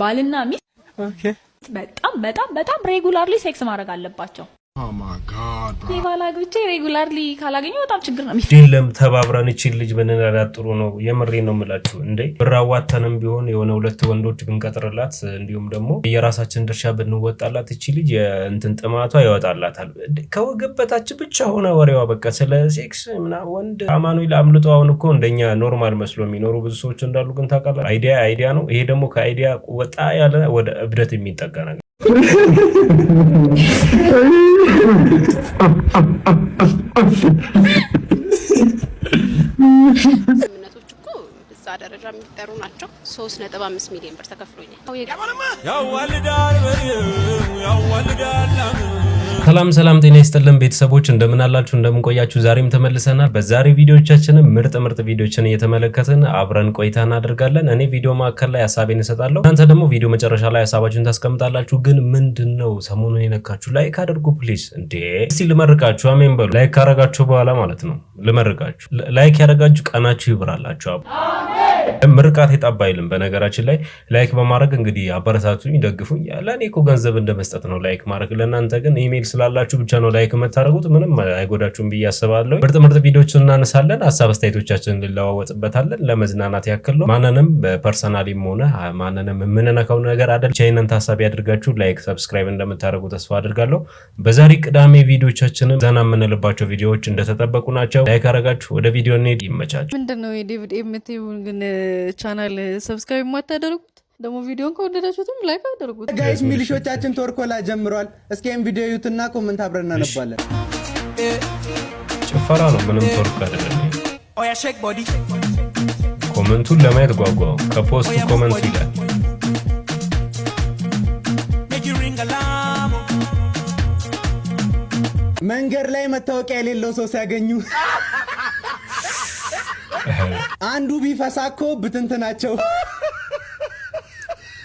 ባልና ሚስት በጣም በጣም በጣም ሬጉላርሊ ሴክስ ማድረግ አለባቸው። Oh ባላግብቼ ሬጉላርሊ ካላገኘሁ በጣም ችግር ነው። የለም ተባብረን እቺን ልጅ ብንረዳት ጥሩ ነው። የምሬ ነው የምላችሁ። እንዴ ብራዋተንም ቢሆን የሆነ ሁለት ወንዶች ብንቀጥርላት፣ እንዲሁም ደግሞ የራሳችን ድርሻ ብንወጣላት እቺ ልጅ የእንትን ጥማቷ ይወጣላታል። ከወገብ በታች ብቻ ሆነ ወሬዋ በቃ ስለ ሴክስ ምናምን ወንድ አማኑኤል አምልጦ አሁን እኮ እንደኛ ኖርማል መስሎ የሚኖሩ ብዙ ሰዎች እንዳሉ ግን ታውቃለህ። አይዲያ አይዲያ ነው። ይሄ ደግሞ ከአይዲያ ወጣ ያለ ወደ እብደት የሚጠጋ ነገር ስምምነቶች እኮ እዛ ደረጃ የሚጠሩ ናቸው። ሶስት ነጥብ አምስት ሚሊዮን ብር ተከፍሎኛል። ያዋልዳል ያዋልዳል ሰላም ሰላም፣ ጤና ይስጥልን ቤተሰቦች እንደምን አላችሁ? እንደምን ቆያችሁ? ዛሬም ተመልሰናል። በዛሬ ቪዲዮቻችንም ምርጥ ምርጥ ቪዲዮችን እየተመለከትን አብረን ቆይታ እናደርጋለን። እኔ ቪዲዮ መካከል ላይ ሀሳቤን እሰጣለሁ፣ እናንተ ደግሞ ቪዲዮ መጨረሻ ላይ ሀሳባችሁን ታስቀምጣላችሁ። ግን ምንድን ነው ሰሞኑን የነካችሁ? ላይክ አድርጉ ፕሊዝ። እንዴ እስቲ ልመርቃችሁ፣ አሜን በሉ። ላይክ ካረጋችሁ በኋላ ማለት ነው ልመርቃችሁ። ላይክ ያደረጋችሁ ቀናችሁ ይብራላችሁ። አሜን ምርቃት የጣባ አይልም። በነገራችን ላይ ላይክ በማድረግ እንግዲህ አበረታቱኝ፣ ደግፉኝ። ለእኔ እኮ ገንዘብ እንደ መስጠት ነው ላይክ ማድረግ። ለእናንተ ግን ኢሜይል ስላላችሁ ብቻ ነው ላይክ የምታደርጉት። ምንም አይጎዳችሁም ብዬ አስባለሁ። ምርጥ ምርጥ ቪዲዮችን እናነሳለን፣ ሀሳብ አስተያየቶቻችን እንለዋወጥበታለን። ለመዝናናት ያክል ነው። ማንንም በፐርሰናሊም ሆነ ማንንም የምንነካው ነገር አደል። ቻይነን ታሳቢ ያድርጋችሁ ላይክ፣ ሰብስክራይብ እንደምታደርጉ ተስፋ አድርጋለሁ። በዛሬ ቅዳሜ ቪዲዮቻችንም ዘና የምንልባቸው ቪዲዮዎች እንደተጠበቁ ናቸው። ላይክ አረጋችሁ ወደ ቪዲዮ እንሄድ። ይመቻችሁ። ምንድን ነው የዴቪድ ኤምቲው ግን ቻናል ሰብስክራይብ የማታደርጉት ደግሞ ቪዲዮን ከወደዳችሁትም ላይክ አደርጉት። ጋይስ ሚሊሾቻችን ተወርኮላ ጀምሯል። እስኪ ይህም ቪዲዮ ዩትና ኮመንት አብረን እናነባለን። ጭፈራ ነው ምንም ተወርኮ አይደለም። ኮመንቱን ለማየት ጓጓ። ከፖስት ኮመንት ይላል መንገድ ላይ መታወቂያ የሌለው ሰው ሲያገኙ አንዱ ቢፈሳ እኮ ናቸው።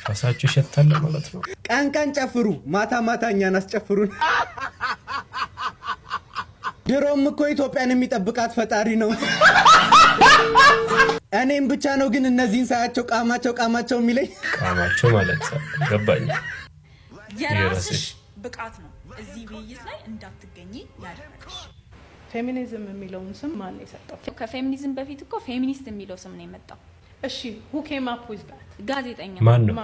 ፈሳችሁ ይሸታል ማለት ነው። ቀን ቀን ጨፍሩ፣ ማታ ማታ እኛን አስጨፍሩን። ድሮም እኮ ኢትዮጵያን የሚጠብቃት ፈጣሪ ነው። እኔም ብቻ ነው ግን እነዚህን ሳያቸው ቃማቸው ቃማቸው የሚለኝ ቃማቸው ማለት ገባኝ። የራስሽ ብቃት ነው እዚህ ውይይት ላይ እንዳትገኝ ያደረግሽ ፌሚኒዝም የሚለውን ስም ማን የሰጠው? ከፌሚኒዝም በፊት እኮ ፌሚኒስት የሚለው ስም ነው የመጣው። እሺ ሁ ኬም አፕ ዊዝ ዳት ጋዜጠኛ ማን ነው?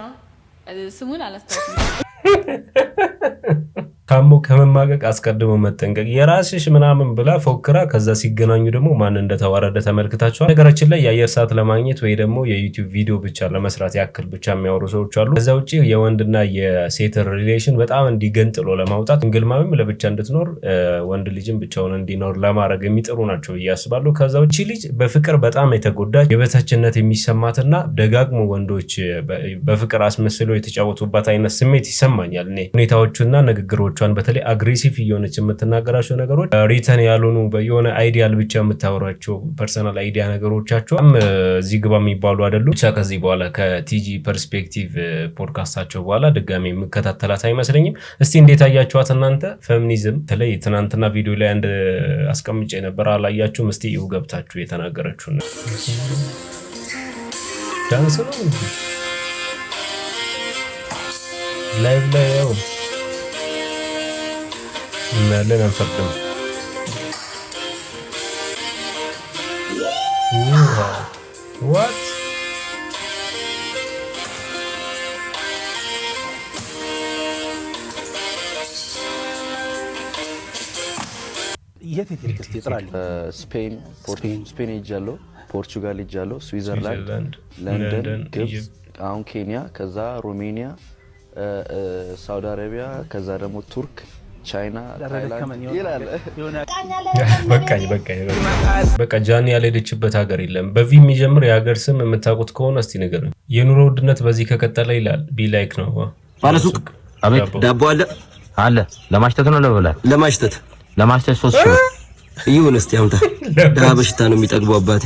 ስሙን አላስታውስም። ታሞ ከመማቀቅ አስቀድሞ መጠንቀቅ የራስሽ ምናምን ብላ ፎክራ፣ ከዛ ሲገናኙ ደግሞ ማን እንደተዋረደ ተመልክታቸዋል። ነገራችን ላይ የአየር ሰዓት ለማግኘት ወይ ደግሞ የዩቲዩብ ቪዲዮ ብቻ ለመስራት ያክል ብቻ የሚያወሩ ሰዎች አሉ። ከዛ ውጭ የወንድና የሴት ሪሌሽን በጣም እንዲገንጥሎ ለማውጣት እንግልማዊም ለብቻ እንድትኖር ወንድ ልጅም ብቻውን እንዲኖር ለማድረግ የሚጥሩ ናቸው ብዬ አስባለሁ። ከዛ ውጭ ልጅ በፍቅር በጣም የተጎዳች የበታችነት የሚሰማትና ደጋግሞ ወንዶች በፍቅር አስመስለው የተጫወቱባት አይነት ስሜት ይሰማኛል እኔ ሁኔታዎቹና ንግግሮች ንግግሮቿን በተለይ አግሬሲቭ እየሆነች የምትናገራቸው ነገሮች ሪተን ያልሆኑ የሆነ አይዲያል ብቻ የምታወራቸው ፐርሰናል አይዲያ ነገሮቻቸው እዚህ ግባ የሚባሉ አይደሉም። ብቻ ከዚህ በኋላ ከቲጂ ፐርስፔክቲቭ ፖድካስታቸው በኋላ ድጋሚ የምከታተላት አይመስለኝም። እስቲ እንዴት አያችኋት እናንተ? ፌሚኒዝም በተለይ ትናንትና ቪዲዮ ላይ አንድ አስቀምጬ ነበር፣ አላያችሁም? እስቲ ይሁ ገብታችሁ የተናገረችው ነው ዳንስ ነው ላይቭ ላይ ያው እናያለን፣ አንፈርድም። ስፔን ስፔን ሄጃለሁ፣ ፖርቹጋል ሄጃለሁ፣ ስዊዘርላንድ፣ ለንደን፣ ግብፅ፣ አሁን ኬንያ፣ ከዛ ሮሜኒያ፣ ሳውዲ አረቢያ፣ ከዛ ደግሞ ቱርክ ቻይና በቃኝ በቃኝ በቃ ጃኒ ያልሄደችበት ሀገር የለም። በቪ የሚጀምር የሀገር ስም የምታውቁት ከሆነ እስቲ ንገሩኝ። የኑሮ ውድነት በዚህ ከቀጠለ ይላል ቢ ላይክ ነው ባለሱቅ አቤት ዳቦ አለ አለ ለማሽተት ነው ለበላል ለማሽተት ለማሽተት ሶስት ሺህ ይሁን እስቲ አምጣ ድሀ በሽታ ነው የሚጠግበው አባቴ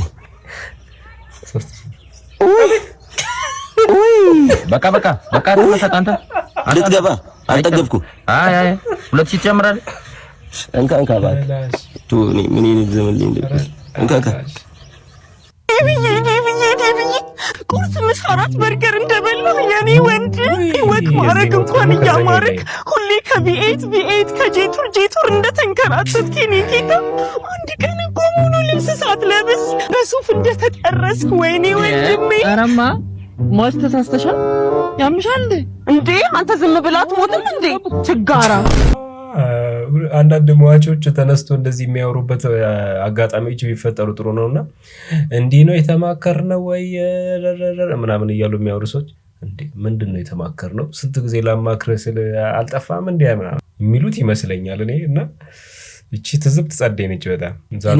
በቃ በቃ በቃ ተመሰጥ አንተ ልትገባ አልጠገብኩ። አይ አይ ሁለት ሺህ ትጨምራለህ። እንካ እንካ እባክህ ቱ ምን ይዘምልኝ እንደዚህ እንካ እንካ ቁርስ፣ ምሳ፣ እራት በርገር እንደበላሁ የኔ ወንድ ወክ ማረግ እንኳን እያማረክ ሁሌ ከቢኤት ቢኤት ከጄቱር ጄቱር እንደተንከራተትክ የኔ ጌታ አንድ ቀን እኮ ሙሉ ልብስ ሳትለብስ በሱፍ እንደተጠረስክ ወይኔ ወንድሜ። ኧረ እማ ሟች ያምሻል እንዴ? እንዴ አንተ ዝም ብላት ሞትም እንዴ ችጋራ። አንዳንድ መዋጮች ተነስቶ እንደዚህ የሚያወሩበት አጋጣሚዎች ቢፈጠሩ ጥሩ ነው እና እንዲህ ነው የተማከርነው ወይ ምናምን እያሉ የሚያወሩ ሰዎች ምንድን ነው የተማከርነው? ስንት ጊዜ ላማክረ ስል አልጠፋም እንዲ የሚሉት ይመስለኛል እኔ እና እቺ ትዝብት ጸዴ ነች በጣም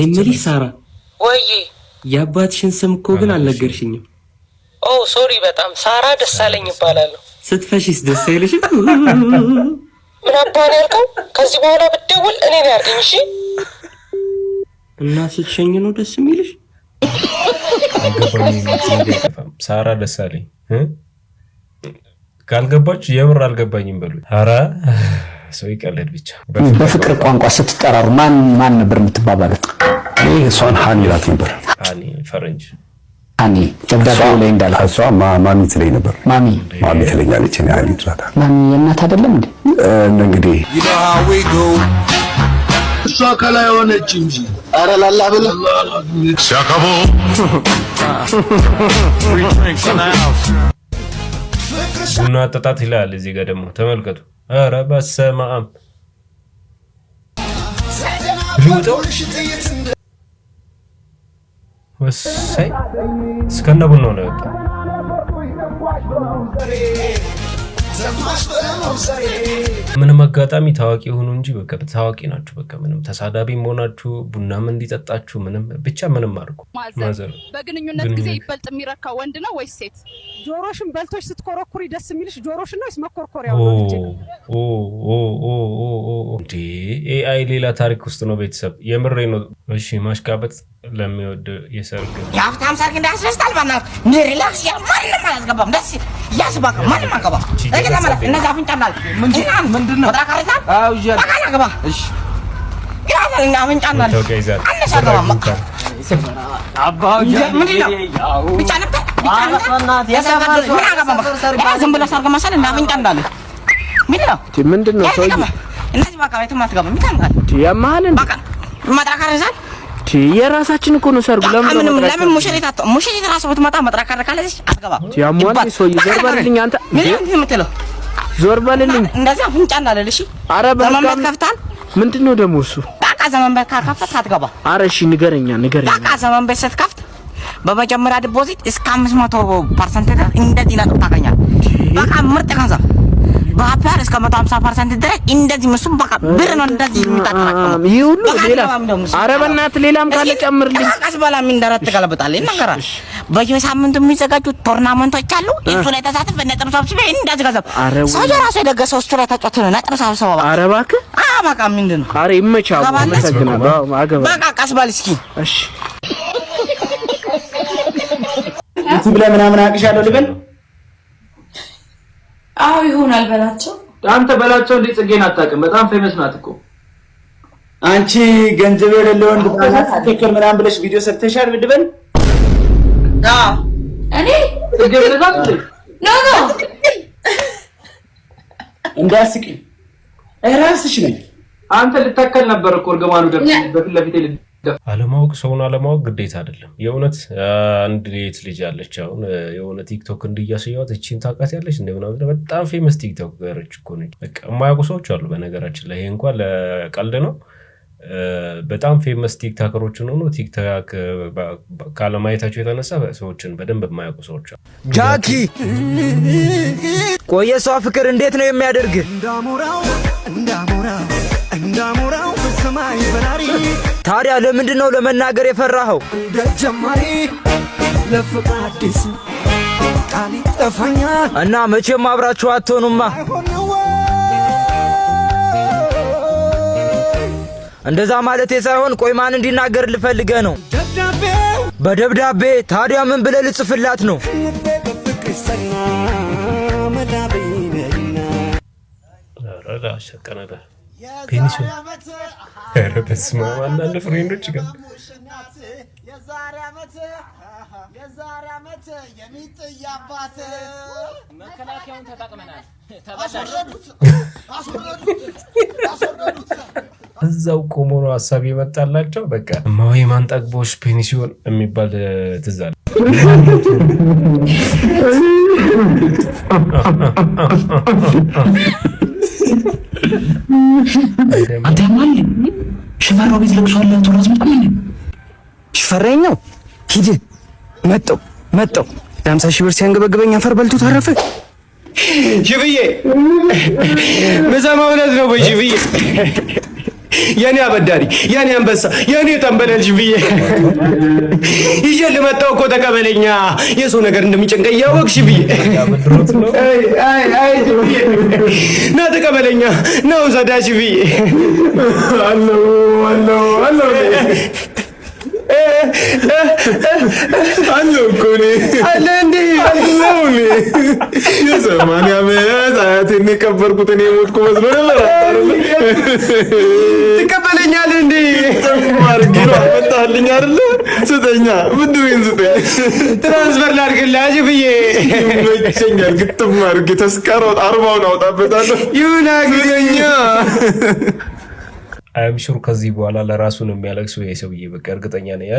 እኔ ሳራ ወይ የአባትሽን ስም እኮ ግን አልነገርሽኝም። ኦ ሶሪ፣ በጣም ሳራ ደሳለኝ ይባላለሁ። ስትፈሺስ ደስ አይልሽም? ምን አባን ያልከው? ከዚህ በኋላ ብደውል እኔ ነው ያርገኝ። እሺ። እና ስትሸኝ ነው ደስ የሚልሽ? ሳራ ደስ አለኝ። ካልገባች የምር አልገባኝም በሉ። ኧረ ሰው ይቀለድ ብቻ። በፍቅር ቋንቋ ስትጠራሩ ማን ማን ነበር የምትባባሉት? እሷን ሀኒ እላት ነበር። ሀኒ ፈረንጅ አኒ ደብዳቤ ላይ እንዳልኩ እሷ ማሚ ትለኝ ነበር። ማሚ ማሚ ትለኛለች። እኔ አይ ትራታ ማሚ የእናት አይደለም እንዴ? እንግዲህ እሷ ከላይ ሆነች እንጂ ኧረ ላላ ብለ ሲያከቦ ቡና አጠጣት ይላል። እዚህ ጋር ደግሞ ተመልከቱ። ኧረ በስመ አብ ወሳኝ እስከነ ቡና ነው የወጣው። ምንም አጋጣሚ ታዋቂ የሆኑ እንጂ በቃ ታዋቂ ናችሁ። በቃ ምንም ተሳዳቢ መሆናችሁ ቡናም እንዲጠጣችሁ ምንም ብቻ ምንም አድርጉ። ማዘር በግንኙነት ጊዜ ይበልጥ የሚረካ ወንድ ነው ወይስ ሴት? ጆሮሽን በልቶች ስትኮረኩሪ ደስ የሚልሽ ጆሮሽን ነው ወይስ መኮርኮሪያው ነው? ኤአይ ሌላ ታሪክ ውስጥ ነው። ቤተሰብ የምሬ ነው። እሺ ማሽቃበጥ ለሚወድ የሰርግ የሀብታም ሰርግ እንዳያስደስታል ማለት ሪላክስ ማንም አላስገባም ደስ ያስባከ ማን ማከባ እገዛ ማለት እነዛ አፍንጫና ምንድነው ምንድነው ተራካሪሳ አው ይያ ባካና ገባ እሺ ያለና አፍንጫና አነሳከባ አባ ምንድነው ብቻ ነበር ብቻ ነበር ያሳፈር ምን አገባ ዝም ብለህ ሰርግ መሰል እና አፍንጫ እንዳለ ምንድነው ምንድነው ሰውዬ እነዚህ ባካ ቤትም አትገባም ይታምቃል ያማልን ባካ ማድራካሪሳ የራሳችን እኮ ነው ሰርጉ። ለምን ለምን ለምን ሙሽሪት አቶ ሙሽሪት ራሱ ብትመጣ መጥራካ ካለች አትገባም። ያሟል ሰውዬ ዞር በልልኝ አንተ ምን የምትለው ዞር በልልኝ። እንደዚህ አፍንጫና ለልሽ አረ በመመት ከፍታል። ምንድነው ደግሞ እሱ በቃ ዘመን ቤት ካከፈት አትገባ። አረ እሺ ንገረኛ ንገረኛ። በቃ ዘመን ቤት ስትከፍት በመጀመሪያ ዲፖዚት እስከ 500% እንደዚህ ነጥብ ታገኛለህ። በቃ ምርጥ ገንዘብ በአፒያር እስከ 150 ፐርሰንት ድረስ እንደዚህ እሱም በቃ ብር ነው እንደዚህ የሚጣጣቀም ይሄ ሁሉ ሌላ ኧረ በእናትህ ሌላም ካለ ጨምርልኝ። ቀስ በላ የሚንደረት ትገለብጣለህ ይነገራል። በየሳምንቱ የሚዘጋጁ ቶርናመንቶች አሉ። እሱ ላይ ተሳትፍ በነጥብ ሰብስቤ እንደዚህ ገንዘብ ሰው የራሱ የደገሰው እሱ ላይ ተጫወት ነው ነጥብ ሰብስበው በቃ እባክህ አዎ በቃ ምንድን ነው ኧረ ይመቻው። በቃ ቀስ በል እስኪ እሺ ዩቲዩብ ላይ ምናምን አቅሻለሁ ልበል አዎ ይሆናል በላቸው። አንተ በላቸው እንዴ ጽጌን አታውቅም? በጣም ፌመስ ናት እኮ አንቺ ገንዘብ የሌለው ወንድ ትክክል ምናምን ብለሽ ቪዲዮ ሰርተሻል። ብድበል እኔ እንዳስቂ ራስሽ ነኝ። አንተ ልታከል ነበር እኮ እርግማኑ ደርሶ በፊት ለፊቴ አለማወቅ ሰውን አለማወቅ ግዴታ አይደለም። የእውነት አንድ ሌት ልጅ አለች። አሁን የሆነ ቲክቶክ እንድያስያዋት እቺን ታውቃት ያለች እንደሆነ በጣም ፌመስ ቲክቶከሮች እኮ ነች። የማያውቁ ሰዎች አሉ። በነገራችን ላይ ይሄ እንኳን ለቀልድ ነው። በጣም ፌመስ ቲክታከሮችን ሆኖ ቲክታክ ካለማየታቸው የተነሳ ሰዎችን በደንብ የማያውቁ ሰዎች አሉ። ጃኪ ቆየ። እሷ ፍቅር እንዴት ነው የሚያደርግ እንዳሞራው እንዳሞራው እንዳሞራው ሰማይ በራሪ። ታዲያ ለምንድን ነው ለመናገር የፈራኸው? እንደ ጀማሪ ለፍቅ አዲስ ቃል ይጠፋኛል እና መቼም አብራችሁ አትሆኑማ። እንደዛ ማለቴ ሳይሆን ቆይ ማን እንዲናገር ልፈልገ ነው? በደብዳቤ ታዲያ ምን ብለህ ልጽፍላት ነው? ሸቀነዳ ፔኒስ ኧረ በስመ አብ አንዳንድ ፍሬንዶች ጋር የዛሬ ዓመት የዛሬ ዓመት አባት መከላከያውን ተጠቅመናል። እዛው ቆሞ ነው ሀሳብ የመጣላቸው። በቃ እማዊ ማንጠግቦሽ ፔኒሲዮን የሚባል ትዝ አለ። አንተ ማል ሽፈራው ቤት ለቅሶ አለ። ቶራስ ምጥ ምን ሽፈረኛው ሂድ መጣው መጣው ለሀምሳ ሺህ ብር ሲያንገበግበኝ አፈር በልቶ ታረፈ። ሽብዬ ምሳ ማውለት ነው ወይ ሽብዬ የኔ አበዳሪ የኔ አንበሳ የኔ ጠንበለልሽ ብዬ ይዤ ልመጣው እኮ ተቀበለኛ። የሰው ነገር እንደሚጨንቀኝ እያወቅሽ ብዬ ና ተቀበለኛ፣ ና ውሰዳሽ ብዬ አለው እኮ እኔ አለ እንዴ ነው እኔ የሰማንያ ዓመት አያቴን የቀበርኩት እኔ የሞትኩ መስሎ ነበር። ትቀበለኛለህ እንዴ? አድርጌ ነው አመጣልኝ አይደለ? ስጠኛ፣ ብድሬን ስጠኝ፣ ትራንስፈር ላድርግልህ ብዬ ይመቸኛል። ግጥም አድርጌ ተስቀረው አርባውን አውጣበታለሁ ይሁና ግኛ አምሹር ከዚህ በኋላ ለራሱ ነው የሚያለቅሰው ሰውዬ። በቃ እርግጠኛ ነኝ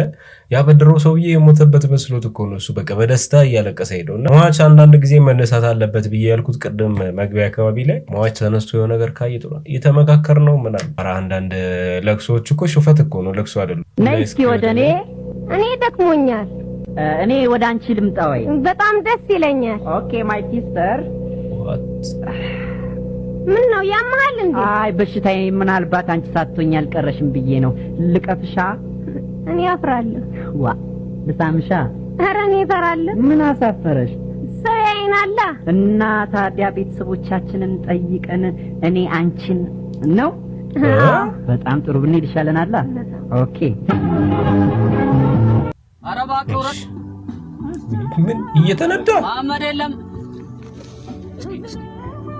ያበድረው ሰውዬ የሞተበት መስሎት እኮ ነው እሱ። በቃ በደስታ እያለቀሰ ሄደው እና መዋች አንዳንድ ጊዜ መነሳት አለበት ብዬ ያልኩት ቅድም መግቢያ አካባቢ ላይ መዋች ተነስቶ የሆነ ነገር ካየ ጥሩ እየተመካከር ነው ምናምን። ኧረ አንዳንድ ለቅሶዎች እኮ ሹፈት እኮ ነው ለቅሶ አይደሉም። ነይ እስኪ ወደ እኔ እኔ ደክሞኛል። እኔ ወደ አንቺ ልምጣ ወይ? በጣም ደስ ይለኛል። ኦኬ ማይ ሲስተር ምን ነው ያማል እንዴ? አይ በሽታዬ ምናልባት አንቺ ሳትሆኝ አልቀረሽም ብዬ ነው። ልቀፍሻ? እኔ አፍራለሁ። ዋ ልሳምሻ? ኧረ እኔ እፈራለሁ። ምን አሳፈረሽ? ሰው ያይናላ። እና ታዲያ ቤተሰቦቻችንን ጠይቀን እኔ አንቺን ነው። በጣም ጥሩ ብንሄድ ይሻለናላ። ኦኬ። ኧረ እባክህ ምን እየተነዳ አመደለም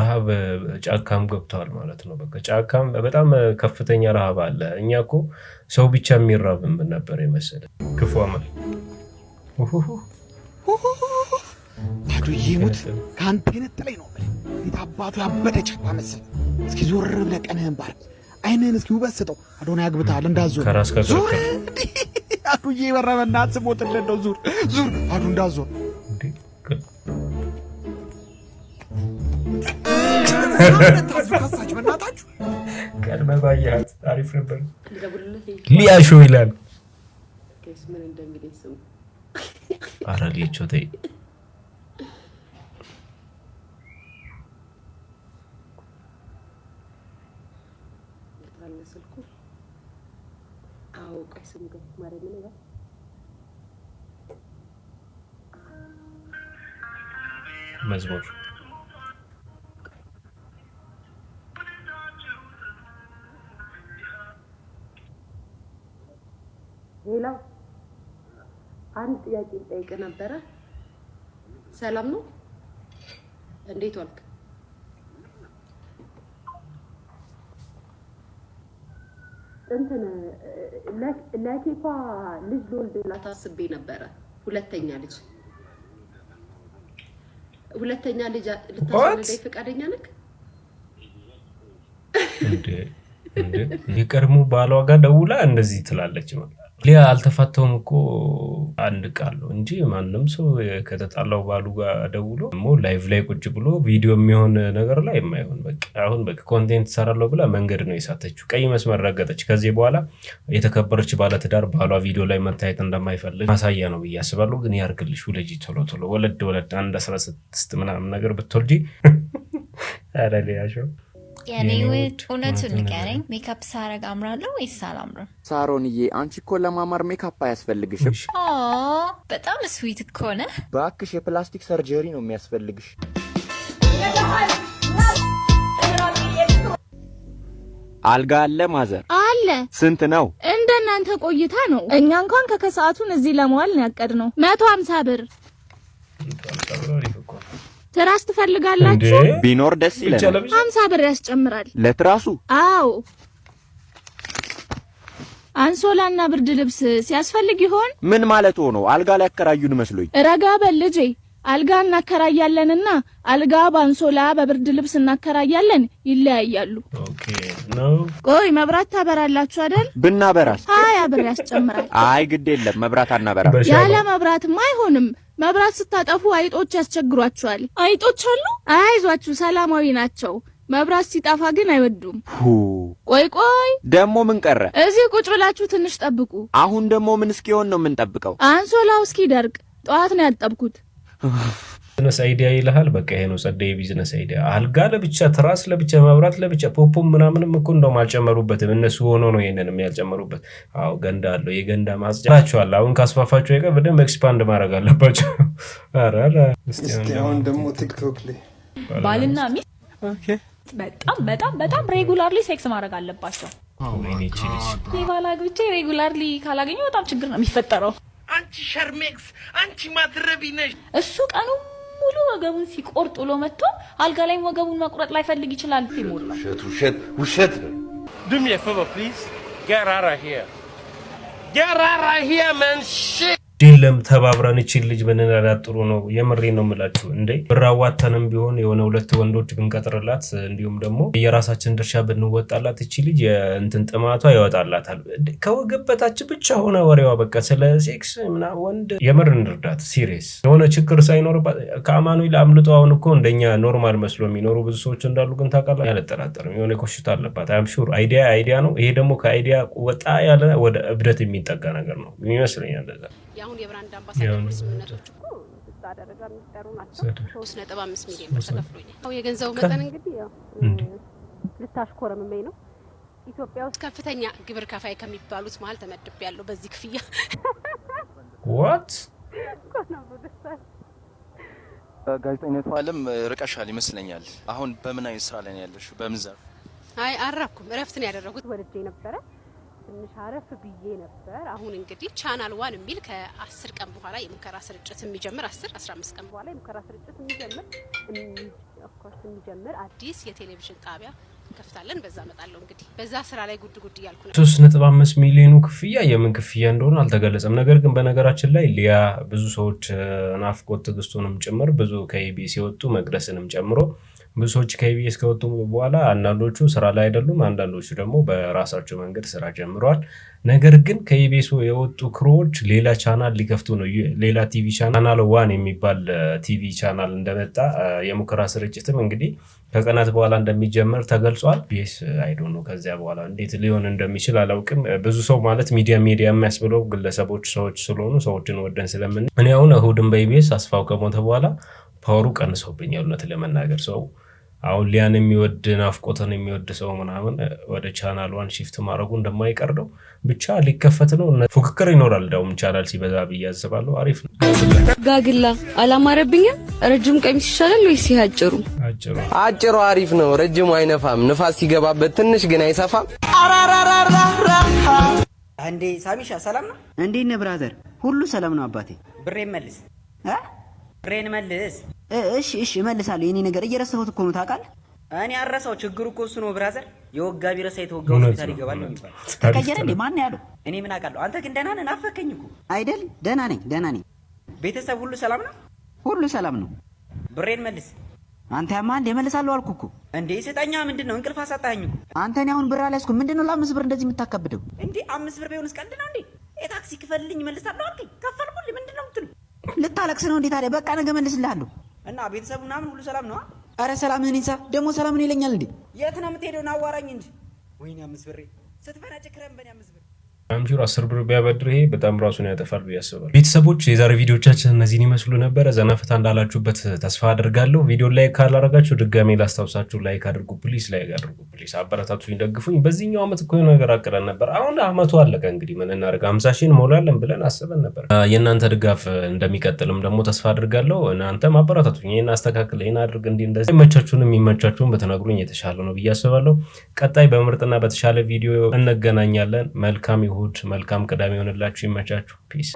ረሃብ ጫካም ገብተዋል ማለት ነው። በቃ ጫካም በጣም ከፍተኛ ረሃብ አለ። እኛ እኮ ሰው ብቻ የሚራብም ነበር የመሰለ ክፉ አመል ባዶ ይሙት ከአንተ የነጠለኝ ነው። እንዴት አባቱ ያበደ ጫካ መሰል። እስኪ ዞር ብለህ ቀንህን ባርክ፣ አይንህን እስኪ ውበት ስጠው። አዶና ያግብታል እንዳዞ ዙር አዱዬ በረበና ስሞት ነው ዙር ዙር አዱ እንዳዞር ታስታችሁ በእናታችሁ አሪፍ ነበር። ሊያሾ ይላል። ኧረ ሌቸው ተይ መዝሙር ሌላው አንድ ጥያቄ ጠይቅ ነበረ። ሰላም ነው? እንዴት ዋልክ? እንትን ለኬኳ ልጅ ልወልድላት አስቤ ነበረ። ሁለተኛ ልጅ ሁለተኛ ልጅ ልታስወልደኝ ፈቃደኛ ነህ? የቀድሞ ባሏ ጋር ደውላ እንደዚህ ትላለች ማለት ሊያ አልተፋተውም እኮ አንድ ቃል እንጂ ማንም ሰው ከተጣላው ባሉ ጋር ደውሎ ሞ ላይቭ ላይ ቁጭ ብሎ ቪዲዮ የሚሆን ነገር ላይ የማይሆን በቃ አሁን በቃ ኮንቴንት ሰራለሁ ብላ መንገድ ነው የሳተችው፣ ቀይ መስመር ረገጠች። ከዚህ በኋላ የተከበረች ባለትዳር ባሏ ቪዲዮ ላይ መታየት እንደማይፈልግ ማሳያ ነው ብዬ አስባለሁ። ግን ያርግልሽ፣ ውለጂ፣ ቶሎ ቶሎ፣ ወለድ ወለድ፣ አንድ አስራ ስድስት ምናምን ነገር ብትወልጂ አለሌያቸው የኔ ውድ እውነቱን ንገረኝ፣ ሜካፕ ሳረግ አምራለሁ ወይስ አላምርም? ሳሮንዬ አንቺ እኮ ለማማር ሜካፕ አያስፈልግሽም። በጣም ስዊት እኮ ነህ። በአክሽ የፕላስቲክ ሰርጀሪ ነው የሚያስፈልግሽ። አልጋ አለ ማዘር አለ። ስንት ነው? እንደናንተ ቆይታ ነው። እኛ እንኳን ከከሰዓቱን እዚህ ለመዋል ነው ያቀድነው መቶ ሀምሳ ብር ትራስ ትፈልጋላችሁ? ቢኖር ደስ ይለናል። ሀምሳ ብር ያስጨምራል። ለትራሱ? አዎ። አንሶላና ብርድ ልብስ ሲያስፈልግ ይሆን? ምን ማለት ሆኖ? አልጋ ላይ ያከራዩን መስሎኝ። ረጋ በል ልጄ። አልጋ እናከራያለንና አልጋ በአንሶላ በብርድ ልብስ እናከራያለን። ይለያያሉ። ቆይ መብራት ታበራላችሁ አይደል? ብናበራስ ሀያ ብር ያስጨምራል። አይ ግድ የለም መብራት አናበራ። ያለ መብራትም አይሆንም። መብራት ስታጠፉ አይጦች ያስቸግሯችኋል። አይጦች አሉ። አይዟችሁ ሰላማዊ ናቸው። መብራት ሲጠፋ ግን አይወዱም። ቆይ ቆይ ደግሞ ምን ቀረ? እዚህ ቁጭ ብላችሁ ትንሽ ጠብቁ። አሁን ደግሞ ምን እስኪሆን ነው የምንጠብቀው? አንሶላው እስኪደርቅ ጠዋት ነው ያጠብኩት። ቢዝነስ አይዲያ ይልሃል። በቃ ይሄ ነው ጸደ የቢዝነስ አይዲያ። አልጋ ለብቻ፣ ትራስ ለብቻ፣ መብራት ለብቻ፣ ፖፖም ምናምንም እኮ እንደውም አልጨመሩበትም። እነሱ ሆኖ ነው ይሄንንም ያልጨመሩበት። አዎ ገንዳ አለው። የገንዳ ማስጫቸዋል። አሁን ካስፋፋቸው ይቀር በደንብ ኤክስፓንድ ማድረግ አለባቸው። አሁን ደግሞ ቲክቶክ ላይ ባልና ሚስት በጣም በጣም በጣም ሬጉላርሊ ሴክስ ማድረግ አለባቸው። ባላግብቼ ሬጉላርሊ ካላገኘ በጣም ችግር ነው የሚፈጠረው። አንቺ ሸርሜክስ፣ አንቺ ማትረቢ ነሽ። እሱ ቀኑ ሙሉ ወገቡን ሲቆርጥ ውሎ መጥቶ አልጋ ላይም ወገቡን መቁረጥ ላይፈልግ ይችላል። ሲሞላ ውሸት ውሸት ውሸት ነው። ዱሚ ፈበ ፕሊዝ ጌራራ ሂር ጌራራ ሂር መንሽ የለም ተባብረን እቺን ልጅ ብንረዳት ጥሩ ነው። የምሬ ነው የምላችሁ። እንዴ ብር ቢሆን የሆነ ሁለት ወንዶች ብንቀጥርላት፣ እንዲሁም ደግሞ የራሳችን ድርሻ ብንወጣላት እቺ ልጅ የእንትን ጥማቷ ይወጣላታል። ከወገብ በታች ብቻ ሆነ ወሬዋ በቃ ስለ ሴክስ ምና ወንድ የምር እንርዳት። ሲሪየስ የሆነ ችግር ሳይኖርባት ከአማኑኤል አምልጦ አሁን እኮ እንደኛ ኖርማል መስሎ የሚኖሩ ብዙ ሰዎች እንዳሉ ግን ታውቃለህ። አልጠራጠርም። የሆነ ኮሽታ አለባት። አም ሹር አይዲያ አይዲያ ነው። ይሄ ደግሞ ከአይዲያ ወጣ ያለ ወደ እብደት የሚጠጋ ነገር ነው ይመስለኛል። አሁን የብራንድ አምባሳደር ስምምነቶች እኮ እዛ ደረጃ ናቸው። ሶስት ነጥብ አምስት ሚሊዮን ብር ተከፍሎኛል። የገንዘቡ መጠን እንግዲህ ያው ልታሽኮረምመኝ ነው። ኢትዮጵያ ውስጥ ከፍተኛ ግብር ከፋይ ከሚባሉት መሀል ተመድብ ያለው በዚህ ክፍያ ዋት ጋዜጠኝነቱ አለም ርቀሻል ይመስለኛል። አሁን በምን አይነት ስራ ላይ ነው ያለሽው? በምን ዘርፍ? አይ አራኩም እረፍትን ያደረጉት ወድጄ ነበረ ትንሽ አረፍ ብዬ ነበር። አሁን እንግዲህ ቻናል ዋን የሚል ከአስር ቀን በኋላ የሙከራ ስርጭት የሚጀምር አስር አስራ አምስት ቀን በኋላ የሙከራ ስርጭት የሚጀምር ኦፍኮርስ የሚጀምር አዲስ የቴሌቪዥን ጣቢያ ከፍታለን በዛ መጣለው እንግዲህ በዛ ስራ ላይ ጉድ ጉድ እያልኩ ነው። ሶስት ነጥብ አምስት ሚሊዮኑ ክፍያ የምን ክፍያ እንደሆነ አልተገለጸም። ነገር ግን በነገራችን ላይ ሊያ ብዙ ሰዎች ናፍቆት ትግስቱንም ጭምር ብዙ ከኢቢሲ የወጡ መቅደስንም ጨምሮ ብሶች ሰዎች ከኢቢኤስ ከወጡ በኋላ አንዳንዶቹ ስራ ላይ አይደሉም፣ አንዳንዶቹ ደግሞ በራሳቸው መንገድ ስራ ጀምረዋል። ነገር ግን ከኢቢኤስ የወጡ ክሮዎች ሌላ ቻናል ሊከፍቱ ነው። ሌላ ቲቪ ቻናል ዋን የሚባል ቲቪ ቻናል እንደመጣ የሙከራ ስርጭትም እንግዲህ ከቀናት በኋላ እንደሚጀመር ተገልጿል። ኢቢኤስ አይዶ ነው ከዚያ በኋላ እንዴት ሊሆን እንደሚችል አላውቅም። ብዙ ሰው ማለት ሚዲያ ሚዲያ የሚያስብለው ግለሰቦች ሰዎች ስለሆኑ ሰዎችን ወደን ስለምን እኔ አሁን እሁድን በኢቢኤስ አስፋው ከሞተ በኋላ ፓወሩ ቀንሶብኛል። እውነት ለመናገር ሰው አሁን ሊያን የሚወድ ናፍቆትን የሚወድ ሰው ምናምን ወደ ቻናል ዋን ሺፍት ማድረጉ እንደማይቀር ነው። ብቻ ሊከፈት ነው፣ ፉክክር ይኖራል። ደውም ቻናል ሲበዛ ብዬ አስባለሁ። አሪፍ ነው። ጋግላ አላማረብኝም። ረጅም ቀሚስ ይሻላል ወይስ ይህ አጭሩ? አጭሩ አሪፍ ነው። ረጅሙ አይነፋም፣ ንፋስ ሲገባበት ትንሽ ግን አይሰፋም። እንዴ ሳሚሻ ሰላም ነው? እንዴ ነብራዘር ሁሉ ሰላም ነው አባቴ። ብሬ መልስ ፍቅሬን መልስ። እሺ እሺ እመልሳለሁ። የኔ ነገር እየረሳሁት እኮ ነው ታውቃለህ። እኔ አረሳው። ችግሩ እኮ እሱ ነው ብራዘር። የወጋ ቢረሳ የተወጋ ሆስፒታል ይገባል ነው የሚባለው። ተቀየረ እንዴ? ማን ያለው? እኔ ምን አውቃለሁ። አንተ ግን ደህና ነህ? ናፈከኝ እኮ አይደል? ደህና ነኝ፣ ደህና ነኝ። ቤተሰብ ሁሉ ሰላም ነው? ሁሉ ሰላም ነው። ብሬን መልስ። አንተ ያማ እንዴ? መልሳለሁ አልኩ እኮ እንዴ። ስጠኛ። ምንድን ነው እንቅልፍ አሳጣኝ እኮ አንተ። እኔ አሁን ብር አልያዝኩም። ምንድን ነው ለአምስት ብር እንደዚህ የምታከብደው እንዴ? አምስት ብር ቢሆንስ ቀልድ ነው እንዴ? የታክሲ ክፈልልኝ መልሳለሁ አልከኝ፣ ከፈልኩልህ። ምንድን ነው የምትሉ ልታለቅስ ነው እንዴት? ታዲያ? በቃ ነገ መልስልሃለሁ። እና ቤተሰቡ ምናምን ሁሉ ሰላም ነው? አረ ሰላምህን ይንሳ። ደግሞ ሰላምን ይለኛል እንዴ? የት ነው የምትሄደውን አዋራኝ እንጂ። ወይኔ አምስት ብሬ ስትፈነጭ ክረምበን አምስት ብሬ አምሹር አስር ብር ቢያበድር ይሄ በጣም ራሱን ያጠፋል ብዬ አስባለሁ። ቤተሰቦች የዛሬ ቪዲዮቻችን እነዚህን ይመስሉ ነበረ። ዘናፈታ እንዳላችሁበት ተስፋ አድርጋለሁ። ቪዲዮ ላይክ ካላረጋችሁ ድጋሜ ላስታውሳችሁ፣ ላይክ አድርጉ ፕሊስ፣ ላይክ አድርጉ ፕሊስ። አበረታቱኝ፣ ደግፉኝ። በዚህኛው ዓመት እኮ ነገር አቅደን ነበር። አሁን አመቱ አለቀ። እንግዲህ ምን እናደርግ፣ ሀምሳ ሺህን ሞላለን ብለን አስበን ነበር። የእናንተ ድጋፍ እንደሚቀጥልም ደግሞ ተስፋ አድርጋለሁ። እናንተም አበረታቱኝ፣ ይህን አስተካክል፣ ይህን አድርግ፣ እንዲህ እንደዚህ፣ የመቻችሁን የሚመቻችሁን በተነግሩኝ የተሻለ ነው ብዬ አስባለሁ። ቀጣይ በምርጥና በተሻለ ቪዲዮ እንገናኛለን። መልካም ይሁን። እሁድ። መልካም ቅዳሜ ይሆንላችሁ። ይመቻችሁ። ፒስ